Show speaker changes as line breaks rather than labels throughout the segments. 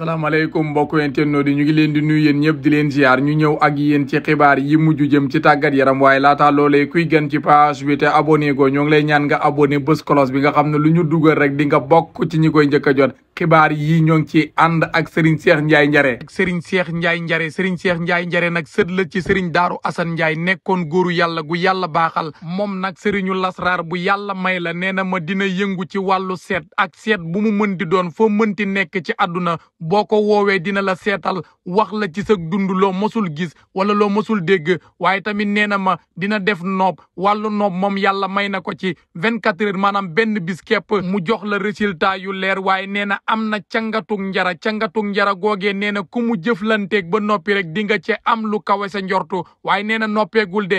salaamaaleykum mbokk internautes yi ñu ngi leen di nuyu yéen ñëpp di leen ziar ñu ñëw ak yen ci xibaar yi mujj jëm ci tàggat yaram waaye laataa loolee kuy gën ci page bi te abonné ko ñoo ngi lay ñaan nga abonné bés kolos bi nga xam ne lu ñu dugal rek di nga bokk ci ñi koy njëkk a jot xibaar yi ñoo ngi ci ànd ak Serigne Cheikh Ndiaye Njare Serigne Cheikh Ndiaye Njare Serigne Cheikh Ndiaye Njare nag sët la ci Serigne Daaru Assane Ndiaye nekkoon góoru yàlla gu yàlla baaxal moom nag Serigne Lasraar bu yàlla may la nee na ma dina yëngu ci wàllu seet ak seet bu mu mënti doon foo mënti nekk ci àdduna boo ko woowee dina la seetal wax la ci sa dund loo mosul gis wala loo mosul dégg waaye tamit nee na ma dina def noob wàllu noob moom yàlla may na ko ci vingt-quatre heures maanaam benn bis képp mu jox la résultat yu am na cangatug njara cangatug njara googee nee na ku mu jëflanteeg ba noppi rek di nga ci am lu kawe sa njortu waaye nee na noppeegul de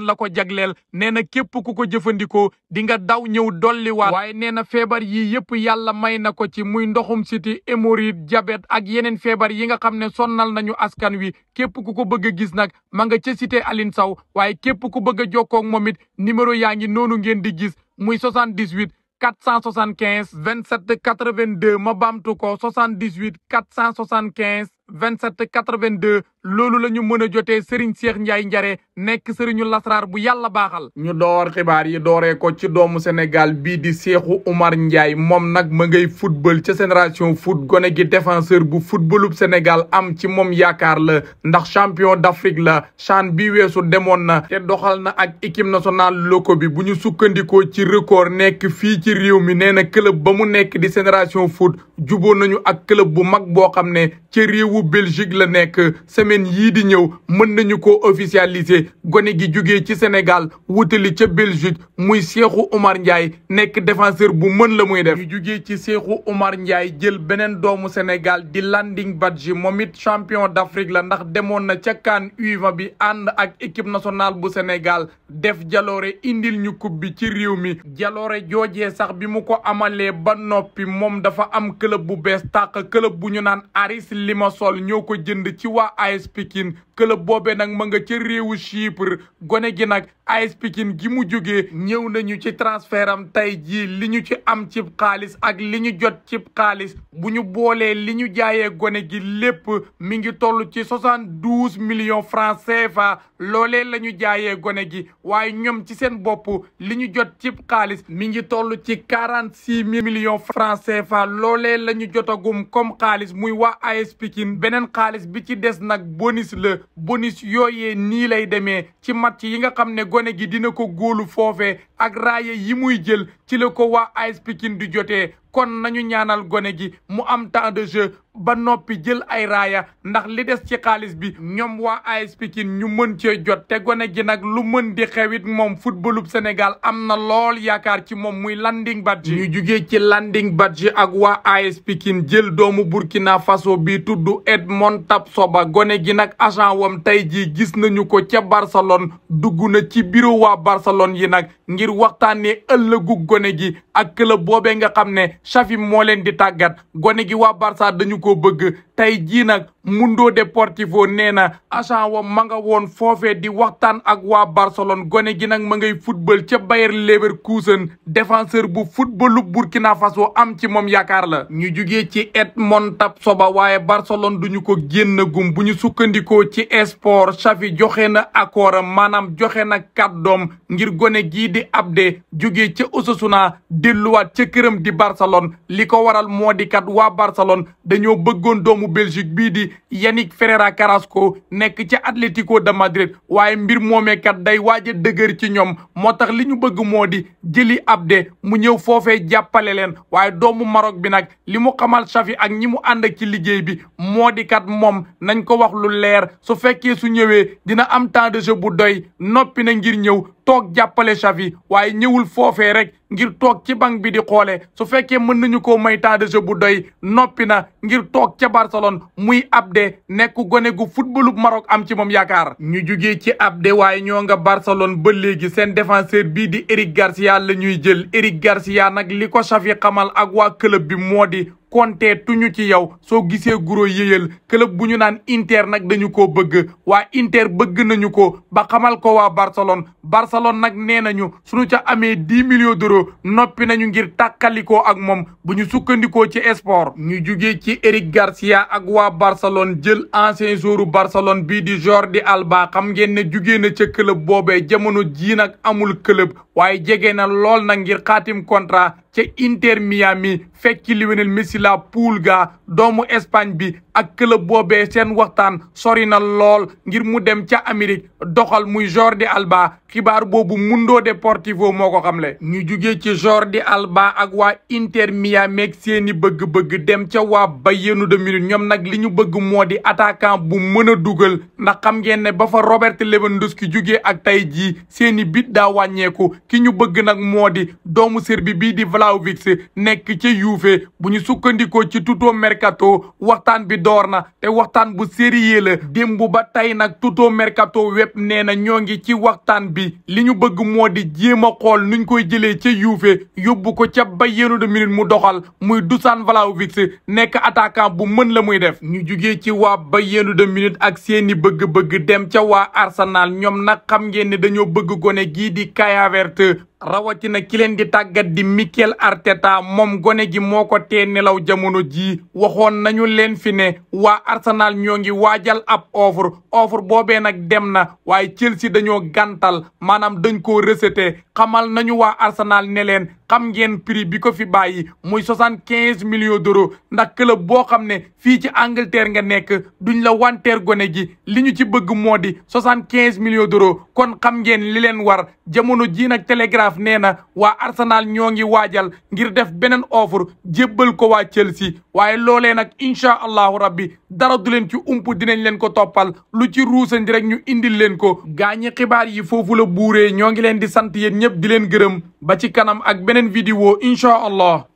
borom la ko jagleel nee na képp ku ko jëfandikoo di nga daw ñëw dolliwaat waaye nee na feebar yi yëpp yàlla may na ko ci muy ndoxum siti hémorroïde diabète ak yeneen feebar yi nga xam ne sonnal nañu askan wi képp ku ko bëgg gis nag ma nga ca cité Aline waaye képp ku bëgg a jokkoo moom it numéro yaa ngi noonu ngeen di gis muy 78 475 27 82 ma baamtu ko 78 475 27 82 loolu la ñu mën a jotee Serigne Cheikh Ndiaye Njare nekk Serigne Lasrar bu yàlla baaxal. ñu door xibaar yi dooree ko ci doomu Sénégal bii di Cheikhou Oumar Ndiaye moom nag ma ngay football ci génération foot gone gi défenseur bu footballub Sénégal am ci moom yaakaar la ndax champion d'Afrique la CHAN bi weesu demoon na te doxal na ak équipe nationale loko bi bu ñu sukkandikoo ci record nekk fii ci réew mi nee na club ba mu nekk di génération foot. juboo nañu ak club bu mag boo xam ne ca réewu Belgique la nekk semaine yii di ñëw mën nañu ko officialiser gone gi jugee ci Sénégal wutali ca Belgique muy Cheikhou Oumar Ndiaye nekk defenseur bu mën la muy def. ñu jugee ci Cheikhou Oumar Ndiaye jël beneen doomu Sénégal di Landing Badji moom it champion d'Afrique la ndax demoon na ca CAN U20 bi ànd ak équipe nationale bu Sénégal def jaloore indil ñu coupe bi ci réew mi jaloore joojee sax bi ko amalee ba noppi club bu bees tàq club bu ñu naan Aris Limassol ñoo ko jënd ci waa AS Pikine club boobee nag ma nga ca réewu Chypre gone gi nag AS Pikine gi mu jógee ñëw nañu ci transfert am tey jii li ñu ci am cib xaalis ak li ñu jot cib xaalis bu ñu boolee li ñu jaayee gone gi lépp mi ngi toll ci soixante-douze millions francs CFA loolee la ñu jaayee gone gi waaye ñoom ci seen bopp li ñu jot cib xaalis mi ngi toll ci quarante-six millions francs ñaareel ñu jotagum comme xaalis muy waa AS Pikine beneen xaalis bi ci des nag bonus la bonus yooyee nii lay demee ci match yi nga xam ne gone gi dina ko góolu foofee ak raaye yi muy jël ci la ko waa AS Pikine du jotee kon nañu ñaanal gone gi mu am temps de jeu ba noppi jël ay raaya ndax li des ci xaalis bi ñoom waa AS Pikine ñu mën cee jot te gone gi nag lu mën di xewit moom footballub Sénégal am na lool yaakaar ci moom muy Landing Badji yu jugee ci Landing Badji ak waa AS Pikine jël doomu Burkina Faso bi tudd Edmond soba gone gi nag agent wam tey jii gis nañu ko ca Barcelone dugg na ci bureau waa Barcelone yi nag ngir waxtaanee ëllëgu gone gi ak club boobee nga xam ne Xavi moo leen di tàggat gone gi waa Barça dañu ko bëgg tey jii nag Mundo Deportivo nee na agent wa ma nga woon foofee di waxtaan ak waa Barcelone gone gi nag ma ngay football ca Bayer Leverkusen défenseur bu footballu Burkina Faso am ci moom yaakaar la. ñu jugee ci Edmond soba waaye Barcelone duñu ko génn gum bu ñu sukkandikoo ci Esport Xavi joxe na accord maanaam joxe na kàddoom ngir gone gii di Abde jugee ca Osasuna delluwaat ca këram di Barcelone. Barcelone li ko waral moo di kat waa Barcelone dañoo bëggoon doomu Belgique bii di Yannick Ferreira Carrasco nekk ci Atlético de Madrid waaye mbir moomee kat day waaj a dëgër ci ñoom moo tax li ñu bëgg moo di jëli Abde mu ñëw foofee jàppale leen waaye doomu Maroc bi nag li mu xamal Xavi ak ñi mu àndak ci liggéey bi moo di kat moom nañ ko wax lu leer su fekkee su ñëwee dina am temps de jeu bu doy noppi na ngir ñëw toog jàppale Xavi waaye ñëwul foofe rek ngir toog ci banc bi di xoole su fekkee mën nañu ko may temps de bu doy noppi na ngir toog ca Barcelone muy Abde nekk gone gu footballu Maroc am ci moom yaakaar. ñu jugee ci Abde waaye ñoo nga Barcelone ba léegi seen défenseur bii di Eric Garcia la ñuy jël Eric Garcia nag li ko Xavi xamal ak waa club bi moo di compté tuñu ci yow soo gisee guro yéyal club bu ñu naan Inter nag dañu ko bëgg waa Inter bëgg nañu ko ba xamal ko waa Barcelone Barcelone nag nee nañu suñu ca amee dix millions d'euros noppi nañu ngir tàkkalikoo ak moom bu ñu sukkandikoo ci sport ñu jugee ci Eric Garcia ak waa Barcelone jël ancien joueur Barcelone bii di Jordi Alba xam ngeen ne jugee na ca club boobee jamono jii nag amul club waaye jege na lool nag ngir xaatim contrat ca Inter Miami fekki Lionel Messi la poule ga doomu Espagne bi ak club boobee seen waxtaan sori na lool ngir mu dem ca Amérique doxal muy Jordi Alba xibaar boobu Mundo Deportivo moo ko lee ñu jugee ci Jordi Alba ak waa Inter Miami ak seeni bëgg-bëgg dem ca waa Bayern de Munich ñoom nag li ñu bëgg moo di attaquant bu mën a dugal ndax xam ngeen ne ba fa Robert Lewandowski jugee ak tey jii seeni bit daa wàññeeku ki ñu bëgg nag moo di doomu Serbi bii di Vlahovic nekk ci Juve bu ñu sukkandikoo ci Tuttomercato waxtaan bi. door na te waxtaan bu sérieux la démb ba tey nag Tuto merkato Web nee na ñoo ngi ci waxtaan bi li ñu bëgg moo di jéem a xool nuñ koy jëlee ci Juve yóbbu ko ca Bayern de Munich mu doxal muy Dusan Vlahovic nekk attaquant bu mën la muy def ñu jugee ci waa Bayern de Munich ak seeni bëgg-bëgg dem ca waa Arsenal ñoom nag xam ngeen ne dañoo bëgg gone gii di Kai rawatina ki leen di tàggat di Mikel Arteta moom gone gi moo ko tee nelaw jamono jii waxoon nañu leen fi ne waa Arsenal ñoo ngi waajal ab offre offre boobee nag dem na waaye Chelsea dañoo gàntal maanaam dañ koo rejeté xamal nañu waa Arsenal ne leen xam ngeen prix bi ko fi bàyyi muy soixante quinze millions d'euros ndax club boo xam ne fii ci Angleterre nga nekk duñ la wanteer gone gi li ñu ci bëgg moo di soixante quinze millions d'euros kon xam ngeen li leen war jamono jii nag Telegraph nee na waa Arsenal ñoo ngi waajal ngir def beneen offre jébbal ko waa Chelsea waaye loolee nag incha allahu rabbi dara du leen ci ump dinañ leen ko toppal lu ci ruusandi rek ñu indil leen ko gaañi xibaar yi foofu la buuree ñoo ngi leen di sant yéen ñëpp di leen gërëm ba ci kanam ak beneen vidéo incha allah